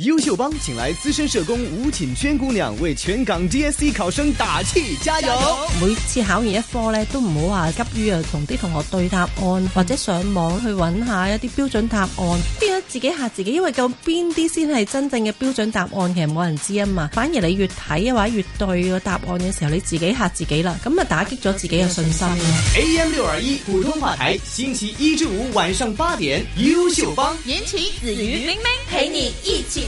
優秀幫請來資深社工吳錦娟姑娘為全港 DSE 考生打氣加油！加油！每次考完一科呢，都唔好話急於啊同啲同學對答案，或者上網去揾下一啲標準答案，變咗自己嚇自己。因為究竟邊啲先係真正嘅標準答案，其實冇人知啊嘛。反而你越睇嘅話越對個答案嘅時候，你自己嚇自己啦，咁啊打擊咗自己嘅信心。AM 六二一普通話台，星期一至五晚上八點，優秀幫言情子魚明明陪明你一起。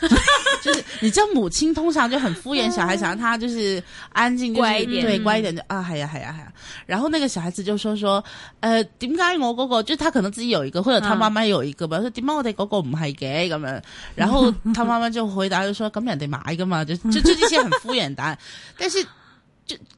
就是，你知道母親通常就很敷衍小孩，想讓他就是安靜是乖一點，對，乖一點就啊，係呀，係呀，係呀。然後那個小孩子就說說，呃，點解我嗰個，個，就他可能自己有一個，或者他媽媽有一個吧？說點解我哋嗰個唔係嘅，咁樣。然後他媽媽就回答就說，咁 人哋買噶嘛，就就就這些很敷衍的答案。但是，就。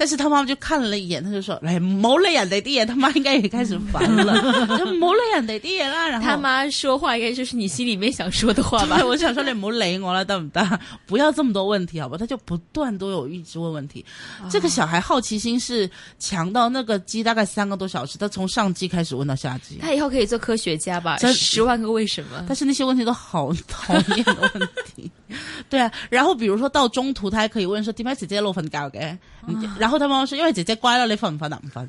但是他媽媽就看了一眼，他就說：“來、哎，冇理人哋啲嘢，他媽應該也開始煩了，冇理人哋啲嘢啦。”然後他媽說話應該就是你心裏面想說的話吧？我想說 你冇理我了。大不大？不要這麼多問題，好吧？他就不斷都有一直問問題。哦、這個小孩好奇心是強到那個機，大概三個多小時，他從上機開始問到下機。他以後可以做科學家吧？這是十萬個為什麼？但是那些問題都好，好討厭的問題。 對啊，然後比如說到中途，他還可以問說姐姐，粉 唉然後佢媽媽說，因為姐姐乖啦，你瞓唔瞓啊？唔瞓。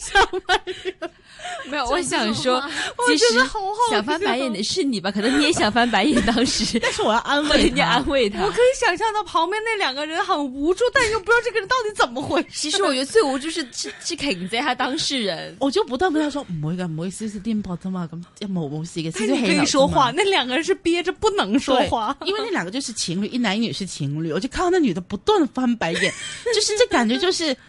想翻白眼？就是、沒有，我想說，我覺得好好想翻白眼的是你吧？可能你也想翻白眼， 當時， 但是我要安慰你，安慰他。他 我可以想象到旁邊那兩個人很無助，但又不知道這個人到底怎麼回事。其實我覺得最無助是是是肯定在他當事人。我就不斷跟他說：“唔好噶，唔好意思，是顛簸嘛，咁冇冇事嘅。”他就跟你說話， 那兩個人是憋着不能說話，因為那兩個就是情侶，一男一女是情侶。我就看到那女的不斷翻白眼，就是這感覺，就是。